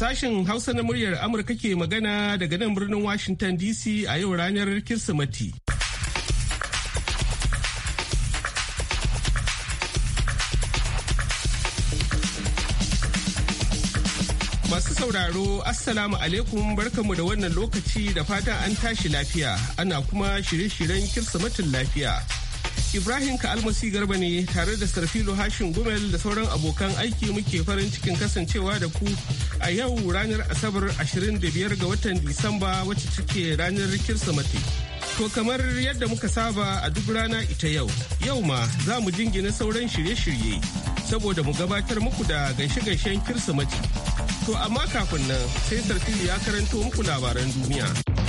Sashen Hausa na muryar Amurka ke magana daga nan birnin Washington DC a yau ranar Kirsimati. Masu sauraro, Assalamu alaikum barkamu da wannan lokaci da fatan an tashi lafiya, ana kuma shirye-shiryen Kirsimatin lafiya. Ibrahim Ka'almasi Garba ne tare da Sarfilo Hashin Gumel da sauran abokan aiki muke farin cikin kasancewa da ku a yau ranar Asabar 25 ga watan Disamba wacce cike ranar kirsimati To kamar yadda muka saba a duk rana ita yau, yau ma za mu jingina sauran shirye-shirye saboda mu gabatar muku da gaishe-gaishen mace. To amma kafin nan sai Sarfilo ya karanto muku labaran duniya.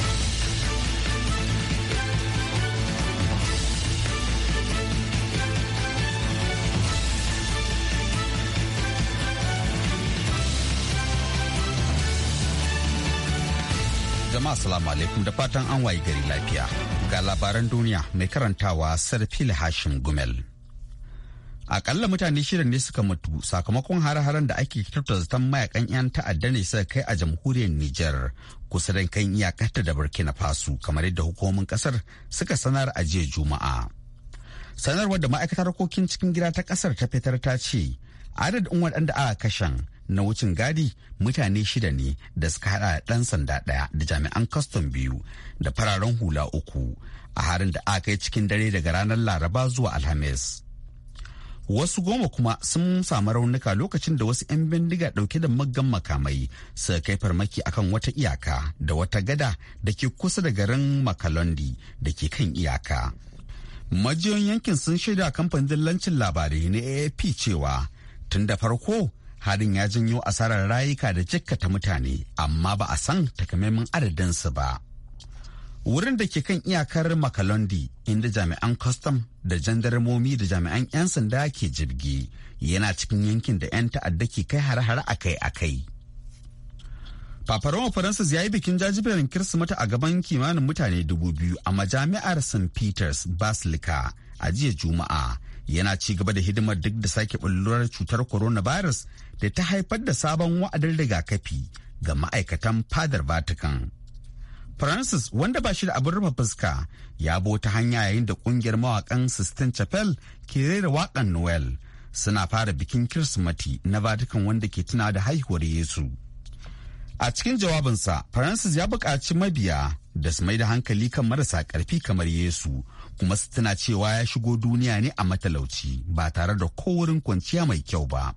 jama'a salamu alaikum da fatan an wayi gari lafiya ga labaran duniya mai karantawa sarfil hashim gumel akalla mutane shida ne suka mutu sakamakon har-haren da ake kyautar zaton mayakan 'yan ta'adda ne suka kai a jamhuriyar niger kusa da kan iyakata da burkina faso kamar yadda hukumomin kasar suka sanar a jiya juma'a sanarwar da ma'aikatar harkokin cikin gida ta kasar ta fitar ta ce adadin waɗanda aka kashen na wucin gadi mutane shida ne da suka hada ɗan sanda ɗaya da jami'an custom biyu da fararen hula uku a harin da aka yi cikin dare daga ranar laraba zuwa alhamis wasu goma kuma sun samu raunuka lokacin da wasu 'yan bindiga ɗauke da maggan makamai suka kai farmaki akan wata iyaka da wata gada da ke kusa da garin makalondi da ke kan iyaka majiyoyin yankin sun shaida kamfanin dillancin labarai na afp cewa tun da farko harin ya janyo asarar rayuka da jikkata mutane amma ba a san takamaiman adadinsu ba wurin da ke kan iyakar makalondi inda jami'an kwastam da jandarmomi da jami'an 'yan sanda ke jirgi yana cikin yankin da 'yan ta'adda ke kai har-har akai-akai Paparoma faransa ya yi bikin jajiberin kirsimata a gaban kimanin mutane dubu biyu a majami'ar St. Peters Basilica a jiya Juma'a yana ci gaba da hidimar duk da sake bullurar cutar coronavirus da ta haifar da sabon wa'adin rigakafi ga ma'aikatan fadar vatican francis wanda ba shi da abin rufe fuska ya bo ta hanya yayin da kungiyar mawakan sistine chapel ke rera wakan noel suna fara bikin kirsimati na vatican wanda ke tuna da haihuwar yesu a cikin jawabinsa francis ya buƙaci mabiya da su mai da hankali kan marasa ƙarfi kamar yesu kuma tana cewa ya shigo duniya ne a matalauci ba tare da kowurin kwanciya mai kyau ba.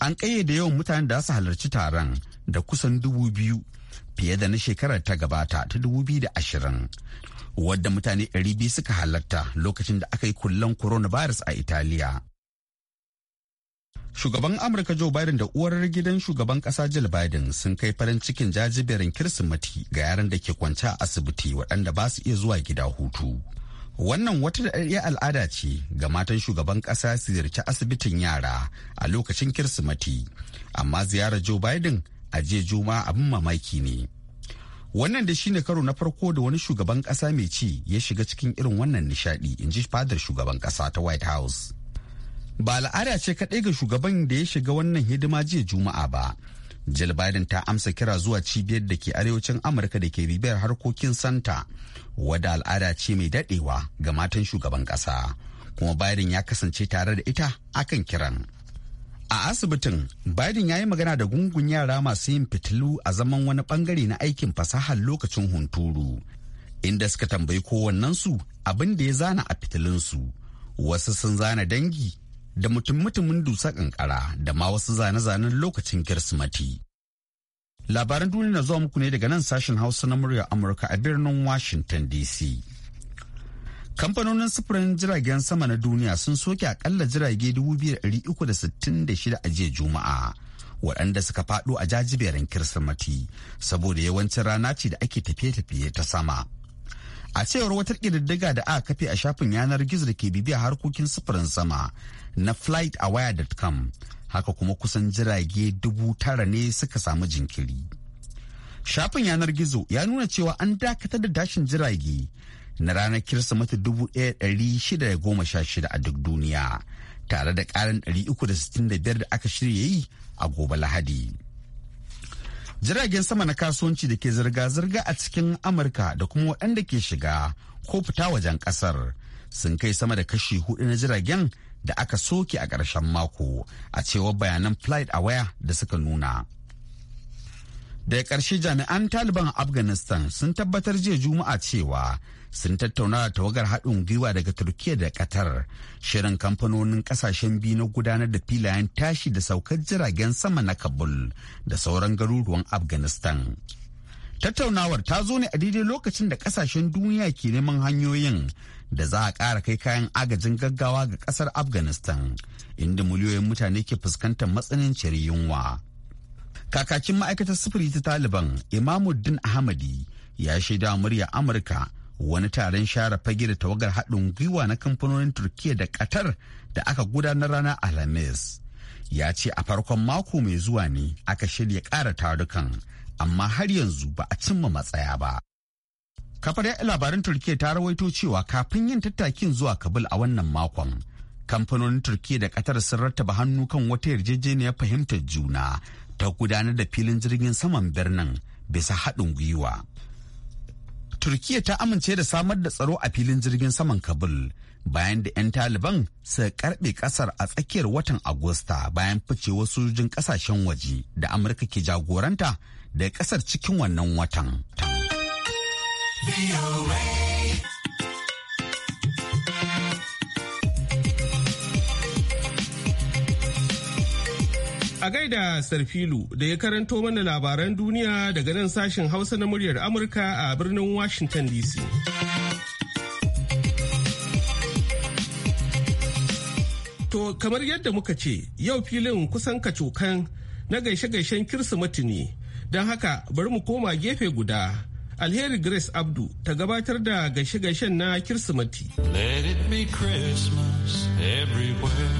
An da yawan mutanen da su halarci taron da kusan dubu biyu fiye da na shekarar ta gabata ta dubu biyu da ashirin. Wadda mutane ɗari biyu suka halarta lokacin da aka yi kullen coronavirus a Italiya. Shugaban Amurka Joe Biden da uwar gidan shugaban kasa Jill Biden sun kai farin cikin jajiberin Kirsimati. ga yaran da ke kwance a asibiti waɗanda ba su iya zuwa gida hutu. Wannan wata daɗaɗɗiyar al'ada ce ga matan shugaban ƙasa su ziyarci asibitin yara a lokacin Kirsimati. amma ziyarar Joe Biden a jiya Juma'a abin mamaki ne. Wannan da shine karo na farko da wani shugaban ƙasa mai ci ya shiga cikin irin wannan nishadi in ji fadar shugaban ƙasa ta White House. ba al'ada ce kaɗai ga shugaban da ya shiga wannan hidima jiya juma'a ba jill biden ta amsa kira zuwa cibiyar da ke arewacin amurka da ke bibiyar harkokin santa wadda al'ada ce mai daɗewa ga matan shugaban ƙasa kuma biden ya kasance tare da ita akan kiran a asibitin biden ya yi magana da gungun yara masu yin fitilu a zaman wani bangare na aikin fasahar lokacin hunturu inda suka tambayi kowannensu abin da ya zana a fitilinsu wasu sun zana dangi da mutum-mutumin dusa kankara da ma wasu zane-zanen lokacin kirsimati. Labaran duniya na zuwa muku ne daga nan sashen Hausa na murya Amurka a birnin Washington DC. Kamfanonin sufurin jiragen sama na duniya sun soke akalla jirage 2,366 a jiya Juma'a. waɗanda suka faɗo a jajiberin kirsimati saboda yawancin rana ce da ake tafiye-tafiye ta sama. A cewar wata ƙididdiga da aka kafe a shafin yanar gizo da ke bibiya harkokin sufurin sama na flightawire.com haka kuma kusan jirage dubu tara ne suka samu jinkiri. Shafin yanar gizo ya nuna cewa an dakatar da dashin jirage na ranar Kirsimeti shida a duk duniya tare da ƙarin 365 da aka shirya yi a gobe Lahadi. Jiragen sama na kasuwanci da ke zirga-zirga a cikin Amurka da kuma waɗanda ke shiga ko fita wajen ƙasar sun kai sama da kashi hudu na jiragen da aka soke a ƙarshen mako a cewar bayanan flight aware da suka nuna. daga ƙarshe jami'an taliban a afghanistan sun tabbatar jiya juma'a cewa sun tattauna da tawagar haɗin gwiwa daga turkiyya da qatar shirin kamfanonin ƙasashen biyu na gudanar da filayen tashi da saukar jiragen sama na kabul da sauran garuruwan afghanistan tattaunawar ta zo ne a daidai lokacin da ƙasashen duniya ke neman hanyoyin da za a ƙara kai kayan agajin gaggawa ga ƙasar afghanistan inda miliyoyin mutane ke fuskantar matsananciyar yunwa kakakin ma'aikatar sufuri ta taliban imamuddin ahmadi ya shaida murya amurka wani taron share fage da tawagar haɗin gwiwa na kamfanonin turkiya da qatar da aka gudanar ranar alhamis ya ce a farkon mako mai zuwa ne aka shirya ƙara tarukan amma har yanzu ba a cimma matsaya ba Kafar ya labarin Turkiyya ta rawaito cewa kafin yin tattakin zuwa Kabul a wannan makon, kamfanonin Turkiyya da Qatar sun rattaba hannu kan wata yarjejeniyar fahimtar juna ta gudanar da filin jirgin saman birnin bisa haɗin gwiwa. Turkiyya ta amince da samar da tsaro a filin jirgin saman Kabul bayan da 'yan Taliban suka karbe kasar a tsakiyar watan Agusta bayan fice ficewar sojojin kasashen waje da Amurka ke jagoranta da kasar cikin wannan watan. A gaida Sarfilu da ya karanto mana labaran duniya daga nan sashen Hausa na muryar Amurka a birnin Washington DC. To kamar yadda muka ce yau filin kusan kacokan na gaishe-gaishen Kirsimeti ne, don haka bari mu koma gefe guda Alheri Grace Abdu ta gabatar da gaishe-gaishen na Kirsimati. Let it be Christmas everywhere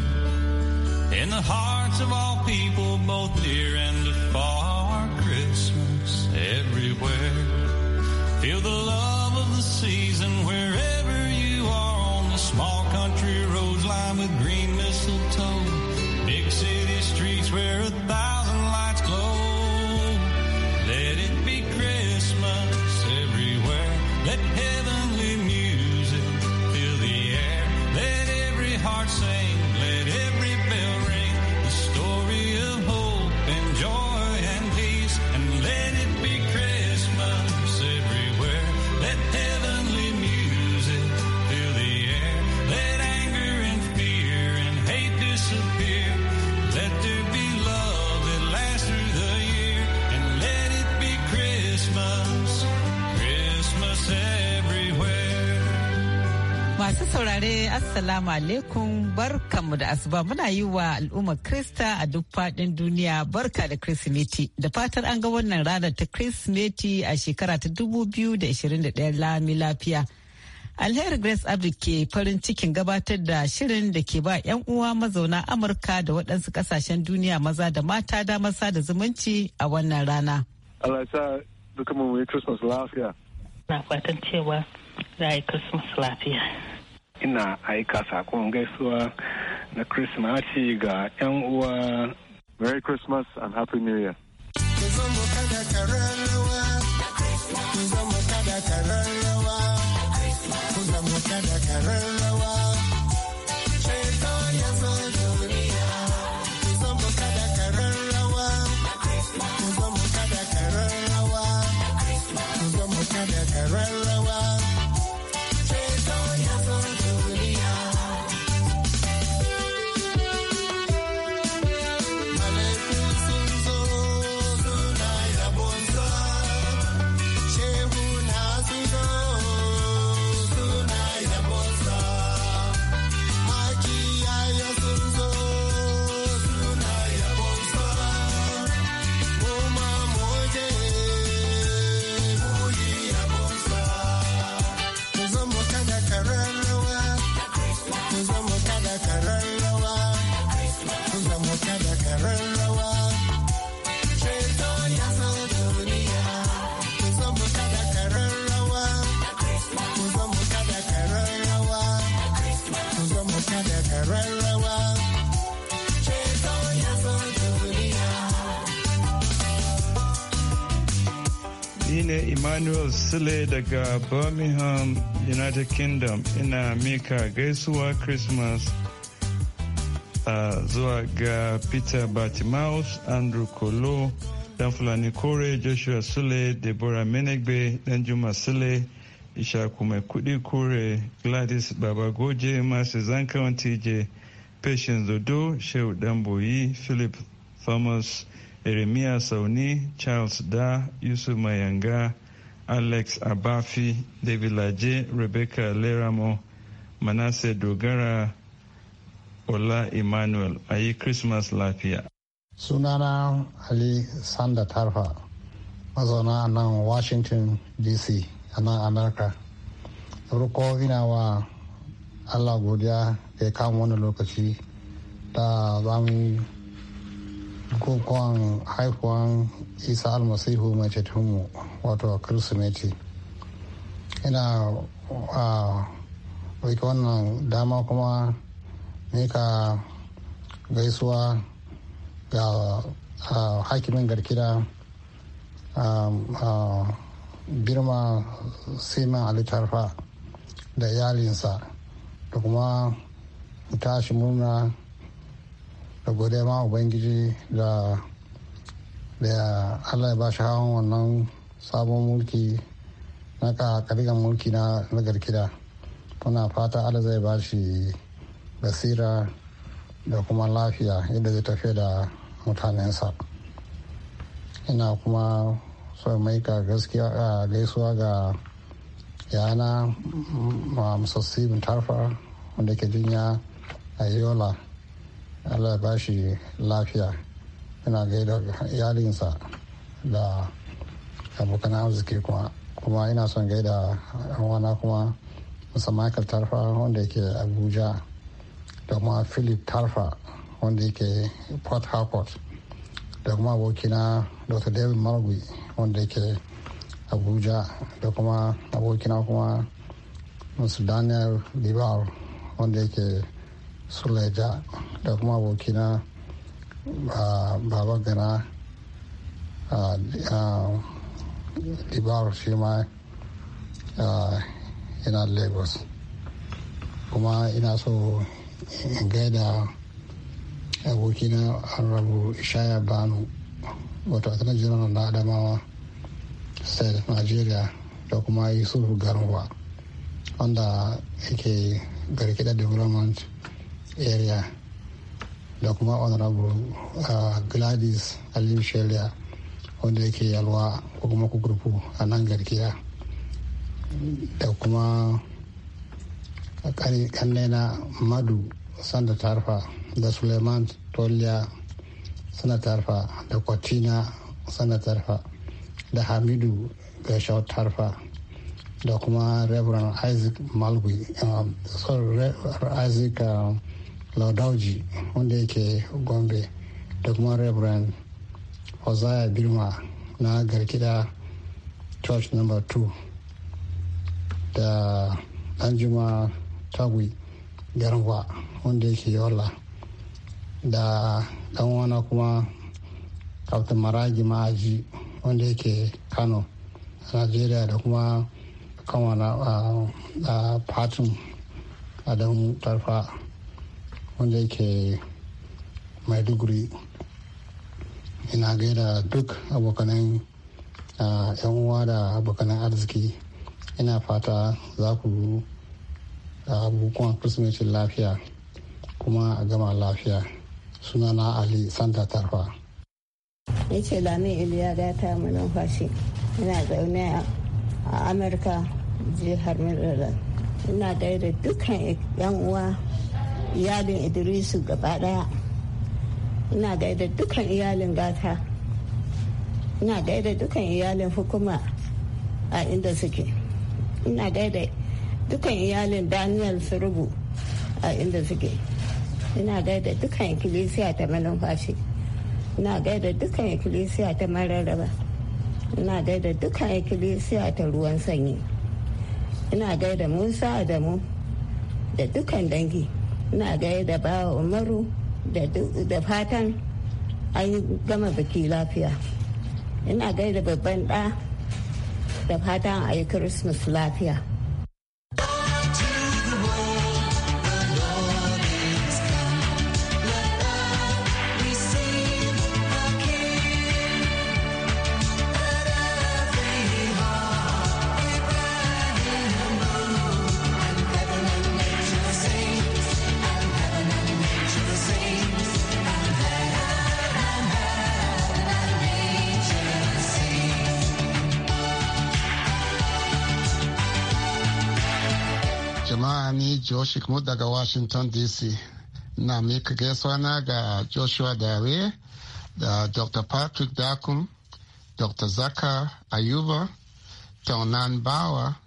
In the hearts of all people both near and far Christmas everywhere Assalamu alaikum barkanmu da asuba muna yi wa al'ummar Krista a duk faɗin duniya barka da Kirsimeti. Da fatar an ga wannan ranar ta Kirsimeti a shekara ta 2021 lami lafiya. Alheri Grace Abdi ke farin cikin gabatar da shirin da ke ba 'yan uwa mazauna Amurka da waɗansu ƙasashen duniya maza da mata damar sada zumunci a wannan rana. Allah sa mu yi Christmas lafiya. Na fatan cewa za a yi Christmas lafiya. ina aika sakon gaisuwa na Krismasi ga 'yan uwa. Merry Christmas and Happy New Year. Sule daga Birmingham, United Kingdom ina mika gaisuwa Christmas uh, zuwa ga Peter Batimaus, Andrew Kolo, Dan Fulani Kore, Joshua Sule, Deborah Menegbe, Dan Juma Sule, Ishaku Mai Kudi Kore, Gladys Babagoje, Masu Zankawan TJ, Patience Dodo, Shehu Damboyi, Philip Thomas, eremia Sauni, Charles Da, Yusuf Mayanga, alex abafi laje rebecca leramo manasse dogara ola emmanuel a yi christmas lafiya sunana ali sanda tarfa mazauna a nan washington dc a nan amurka farko ina wa allah godiya da ya kama wani lokaci ta zamu bukukuwan haifuwan isa almasihu mai cetonmu wato kirsimeti ina a wake wannan dama kuma ka gaisuwa ga hakimin garkida birma siman alitarfa da iyalinsa da kuma tashi murna da gode ma ubangiji da da allah ya ba shi hawan wannan sabon mulki na ƙarƙarƙar mulki na nagar kida muna fata allah zai ba shi basira da kuma lafiya yadda zai tafi da mutanensa ina kuma so mai ka gaskiya gaisuwa ga yana musassi tarfa wanda ke jinya a yola allah ba shi lafiya yana gaida iyalinsa da abokan arziki kuma kuma ina son gaida wana kuma musa michael tarfa wanda yake abuja da kuma philip tarfa wanda yake port harcourt da kuma abokina dr david margui wanda yake abuja da kuma abokina kuma musu daniel libar wanda yake suleja da kuma abokina baba gana dibar shi ma yana lagos kuma ina so in gaida abokina rabu shaya banu wato atana jiran na adamawa state nigeria da kuma yusuf garuwa wanda yake garkida development area da kuma honorable uh, gladys aliyu sheria wanda yake yalwa ko kuma kukurfu a nan garkiya da kuma kanne na madu sanda tarfa da suleiman toliya sanda tarfa da kwatina sanda tarfa da hamidu ga tarfa da kuma reverend isaac malgui um, sorry, isaac um, laudauji wanda yake gombe da kuma reverend hosiah birma na garkida church no 2 da anjuma tagwi garwa wanda yake yola da ɗanwana kuma captain maragi ma'aji wanda yake kano a nigeria da kuma kanwana a ah, ah, fatin adamu tarfa wanda yake maiduguri ina gaida duk abokanan yan uwa da abokanan arziki ina fata za ku abubuwan kirsimetin lafiya kuma a gama lafiya suna sunana ali santa tarfa ya ce lami iliya da ta numfashi ina zaune a amurka jihar maryland ina gaida dukkan yan uwa iyalin idrisu gaba daya ina gaida dukan iyalin gata ina gaida dukan iyalin hukuma a inda suke ina gaida dukan iyalin daniel surubu a inda suke ina gaida dukan ikilisiya ta manufashi ina gaida dukan ikilisiya ta mararraba ina gaida dukan ikilisiya ta ruwan sanyi ina gaida musa adamu da dukan dangi na gaya da bawa umaru da fatan an yi gama biki lafiya ina gaida babban ɗa da fatan a yi christmas lafiya Shikmo daga Washington DC. Na mika gaisuwa na ga Joshua Dare da Dr. Patrick Dakum, Dr. Zaka Ayuba, Taunan Bawa,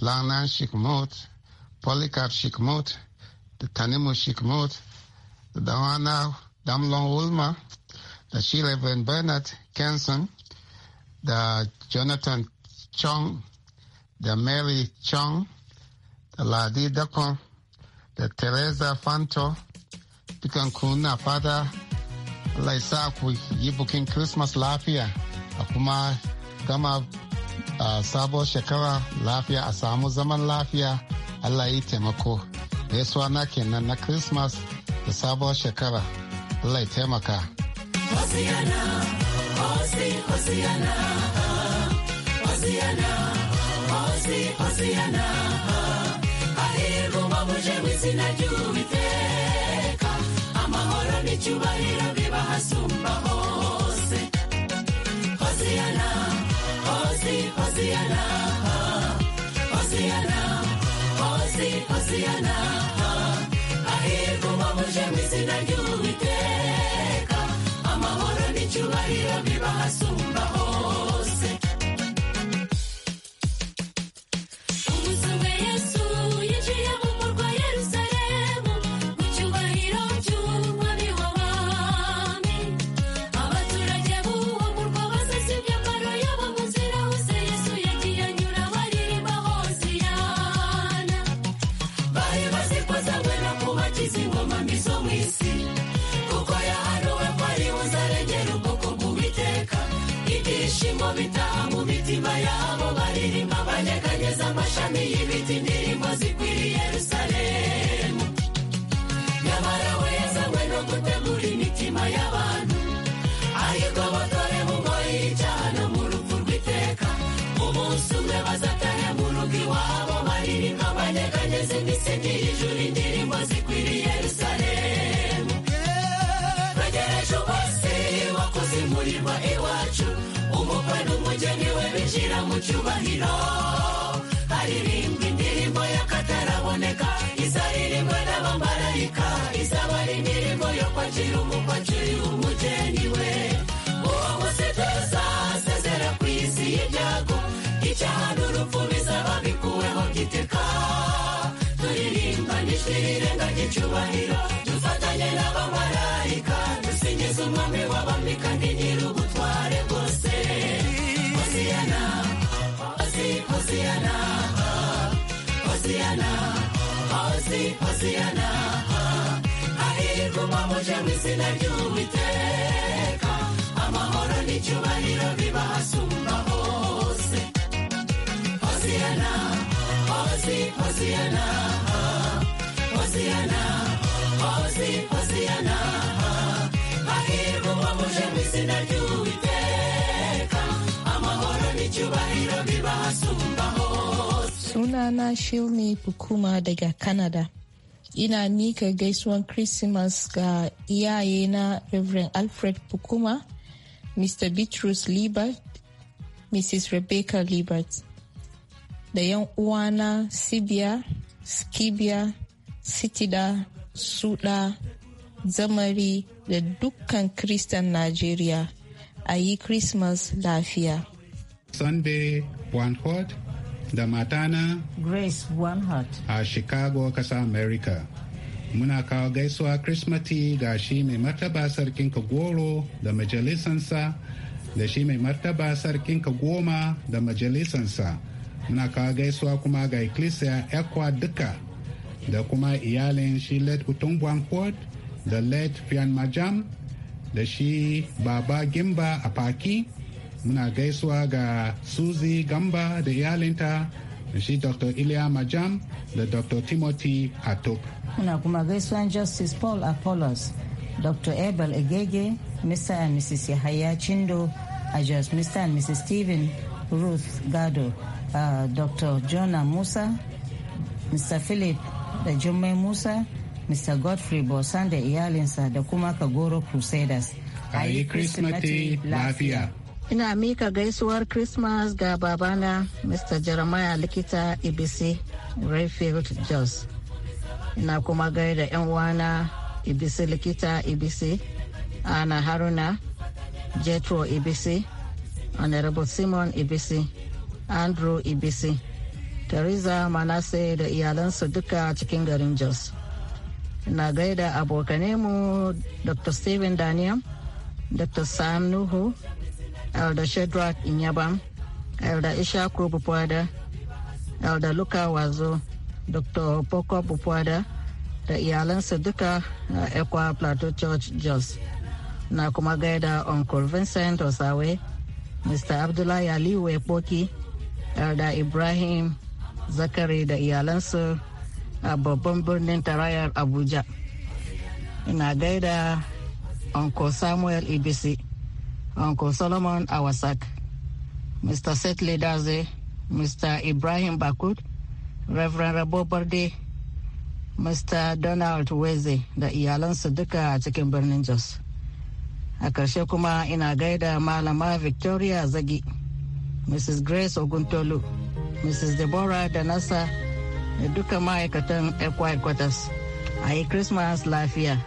Lanan Shikmut Polycarp Shikmut da Tanimu Shikmut da Dawana Damlon Ulma da shi Reverend Bernard Kenson, da Jonathan Chong, da Mary Chong, da Ladi Dakon, da teresa fanto dukan ku na fata allah sa ku yi bukin christmas lafiya a kuma gama a sabuwar shekara lafiya a samu zaman lafiya allah yi taimako gaisuwa na kenan na christmas da sabuwar shekara allah ya taimaka Hosiana, Hosi, Hosiana, Hosiana, Hosi, Hosiana. sinajyubitse amahoro n'icyubahiro biba hasumba hose hoziyana hozi hoziyana hoziyana hozi hoziyana hahirwa uba muje mu izina ry'uwiteka amahoro n'icyubahiro biba hasumba hose imitima yabo baririmba banyeganyeza amashami y'ibiti indirimbo zikwiriye yerusalemu nyamara we yazanywe no gutegura imitima y'aba we n'umugeni we bishyira mu cyubahiro haririmbwa indirimbo y'akataraboneka izaririmbwa n'abamarayika izaba ari indirimbo yo kwakira umukwakiri umugeni we uwo museduza asezera ku isi y'ibyago icyaha n'urupfu bizaba bikuweho giteka turirimba n'ijwi rirenganya icyubahiro dufatanye n'abamarayika dusingiza umwami w'abami kandi nyir'ubu hosiana, hosiana. hahirwa uwamuje mu izina ry'uwiteka sunana shilmi bukuma daga canada ina mika gaisuwan christmas ga iyaye na reverend alfred bukuma mr bitrus libert mrs rebecca libert da yan uwana sibiya skibiya sitida suda zamari da dukkan kristan najeriya a yi christmas lafiya Sunday Wanhot da matana Grace Wanhot a Chicago, kasa America. Muna kawo gaisuwa Christmati ga shi mai martaba sarkin Kagoro da majalisansa da shi mai martaba sarkin goma da majalisansa. Muna kawo gaisuwa kuma ga Ecclesia Ekwa duka da kuma iyalin shi Let Utungwankwad da Let Majam da shi Baba Gimba a Paki. muna gaisuwa ga suzi gamba da iyalinta da shi dr ilya majam da dr timothy atok muna kuma gaisuwan justice paul apollos dr abel egege mr and mrs yahaya chindo a mr and mrs stephen ruth gado uh, dr jonah musa mr philip da jummai musa mr godfrey bosan da iyalinsa da kuma kagoro crusaders a yi lafiya ina mika gaisuwar christmas ga babana mr jeremiah likita ibc rayfield jos ina kuma gaida 'yan uwana ibc likita ibc ana haruna jetro ibc honorable simon ibc andrew ibc theresa manase da iyalansu duka cikin garin jos ina gaida abokanemu dr steven daniel dr sam nuhu elder Shadrach Inyabam, elder Ishaku Bupuada, elder Luka Wazo, Dr. Poko Bupuada da iyalansa duka a Ekwa Plateau Church Jos. Na kuma gaida Uncle Vincent Osawe, Mr. Abdullahi Aliyu Poki, elder Ibrahim Zakari da iyalansu a babban birnin tarayyar Abuja. Ina gaida Uncle Samuel Ibisi. Uncle Solomon Awasak, Mr. Setley Daze, Mr. Ibrahim bakud Reverend Rabo Barde, Mr. Donald Weze da iyalansa duka a cikin birnin Jos. A ƙarshe kuma ina gaida Malama Victoria Zagi, Mrs. Grace Oguntolu, Mrs. Deborah da Nasa da duka ma'aikatan Equi Quarters. A yi Christmas lafiya.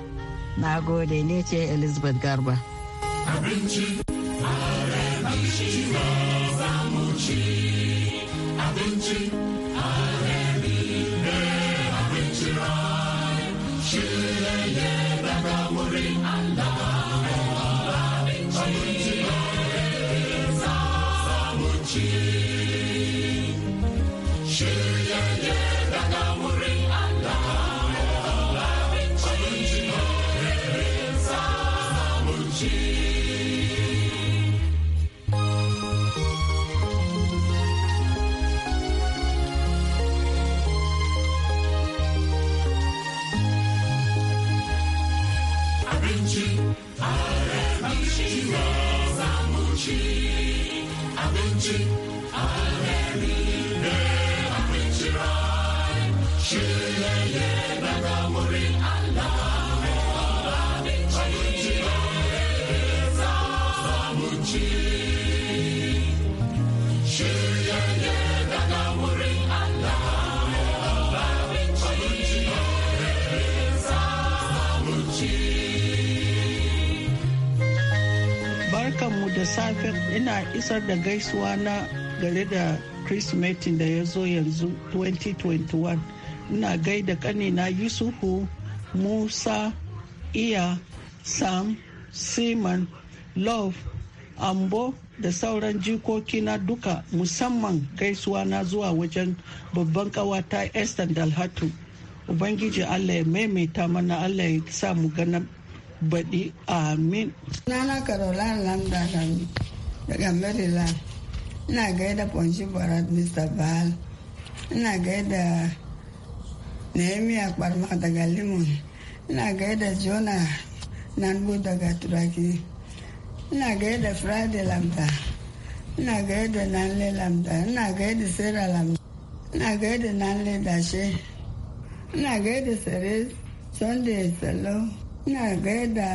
Na gode ne ce Elizabeth Garba. abinci abinci ne za mu ci abinci ina isar da gaisuwa na gare da christmas da ya zo yanzu 2021 ina gaida kanina yusufu musa iya sam simon love ambo da sauran jikoki na duka musamman gaisuwa na zuwa wajen babban kawata esther dalhatu ubangiji allah ya maimaita mana allah ya sa mu gana baɗi amin nana karola landa daga maryland ina gaida ponshi barat mr Baal. ina gaida nehemiah kwarma daga limon ina gaida jona nanbu daga turaki ina gaida friday lamda ina gaida nanle lamda ina gaida sarah lamda ina gaida nanle dashe ina gaida sare sunday salo ina gaida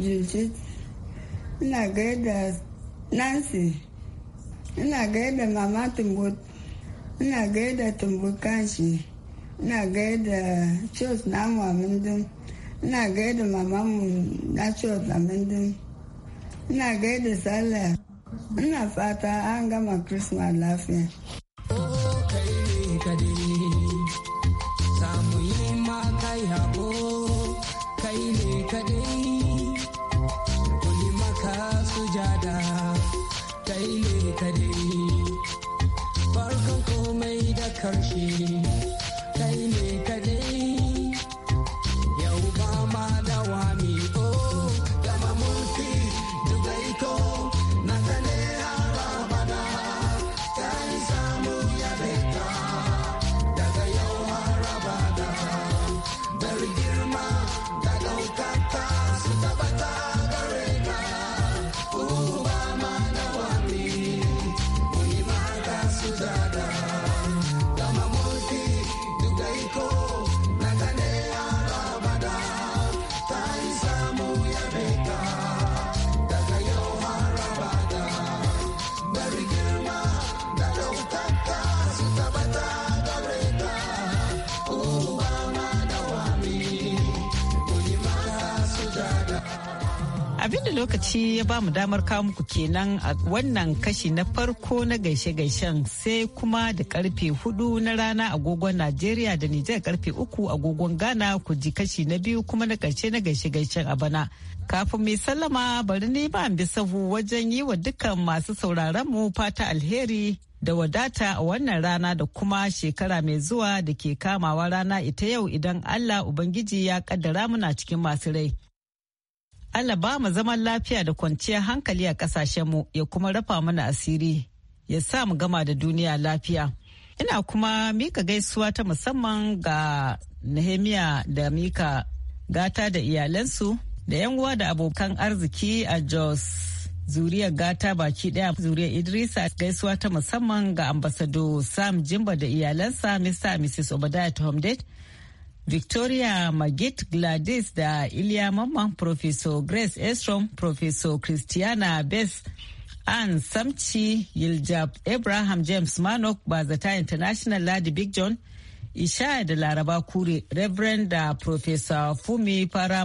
jujit ina gaida nancy ina gaida mama tumbut ina gaida tumbukanshi ina gaida chos namu amindin ina mama mamamu na chos amindin ina gaida sallah nna fata an gama christmas lafiya lokaci ya ba mu damar kawo muku kenan a wannan kashi na farko na gaishe-gaishen sai kuma da karfe hudu na rana agogon Najeriya da Nijar karfe uku agogon Ghana ku ji kashi na biyu kuma na karshe na gaishe-gaishen a bana. Kafin mai sallama bari ni ba bi sahu wajen yi wa dukkan masu sauraron mu fata alheri da wadata a wannan rana da kuma shekara mai zuwa da ke kamawa rana ita yau idan Allah Ubangiji ya kaddara muna cikin masu rai. Allah ba mu zaman lafiya da kwanciyar hankali a kasashenmu ya kuma rafa mana asiri ya sa mu gama da duniya lafiya. Ina kuma mika gaisuwa ta musamman ga Nehemiya da mika gata da iyalansu da 'yan uwa da abokan arziki a Jos zuriyar gata baki daya zuriyar Idrisa gaisuwa ta musamman ga ambasado Sam Jimba da iyalansa Mr. Mrs. Obadiah Tomdate Victoria Magid Gladys da Iliya Mamman Professor Grace Estrom, Professor Christiana Bess an Samci Yiljab Abraham James Manok Bazata International Ladi Big John isha da Laraba Kure Reverend da Professor Fumi Fara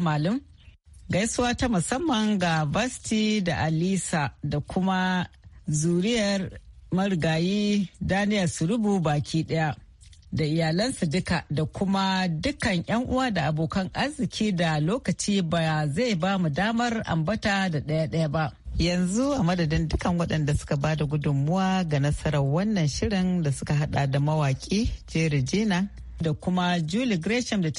gaisuwa ta musamman ga Basti da Alisa da kuma zuriyar marigayi Daniel Surubu baki daya. da iyalansa duka da kuma dukkan 'yan uwa da abokan arziki da lokaci ba zai ba mu damar ambata da ɗaya-ɗaya ba. Yanzu a madadin dukkan waɗanda suka ba da gudunmuwa ga nasarar wannan shirin da suka hada da mawaƙi Jerry Jina da kuma Julie Gresham da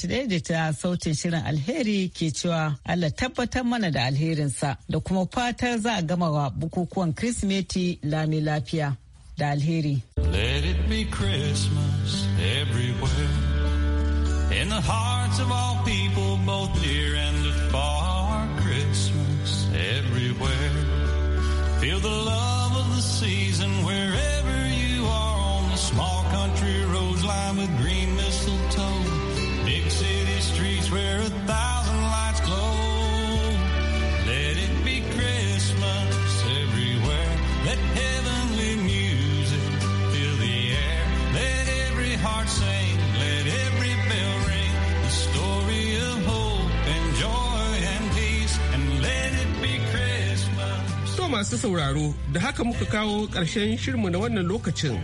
ta sautin shirin alheri ke cewa Allah tabbatar mana da alherinsa da kuma fatar za a gama wa bukukuwan Kirsimeti lami lafiya da alheri. Let it be Christmas. everywhere. In the hearts of all people, both near and afar, Christmas everywhere. Feel the love. masu sauraro da haka muka kawo ƙarshen shirmu na wannan lokacin.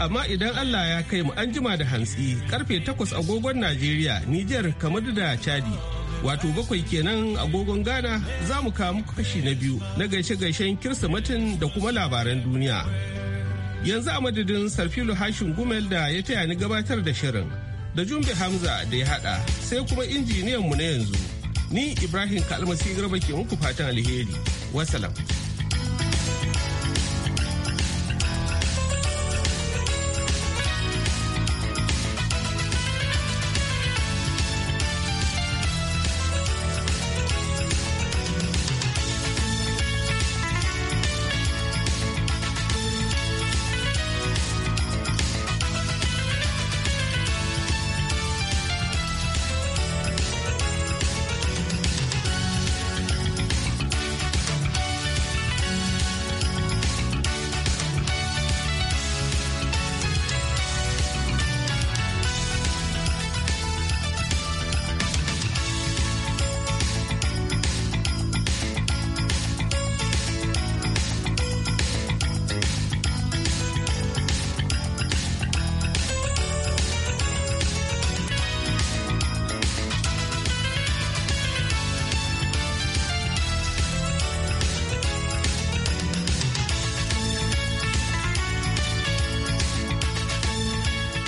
Amma idan Allah ya kai mu an jima da hantsi karfe takwas agogon Najeriya, Nijar kamar da Chadi. Wato bakwai kenan agogon Ghana za mu kawo muku kashi na biyu na gaishe-gaishen kirsimatin da kuma labaran duniya. Yanzu a madadin Sarfilu hashim Gumel da ya taya ni gabatar da shirin. Da Jumbe Hamza da ya haɗa sai kuma injiniyan mu na yanzu. Ni Ibrahim Kalmasi Garba ke muku fatan alheri. Wasalam.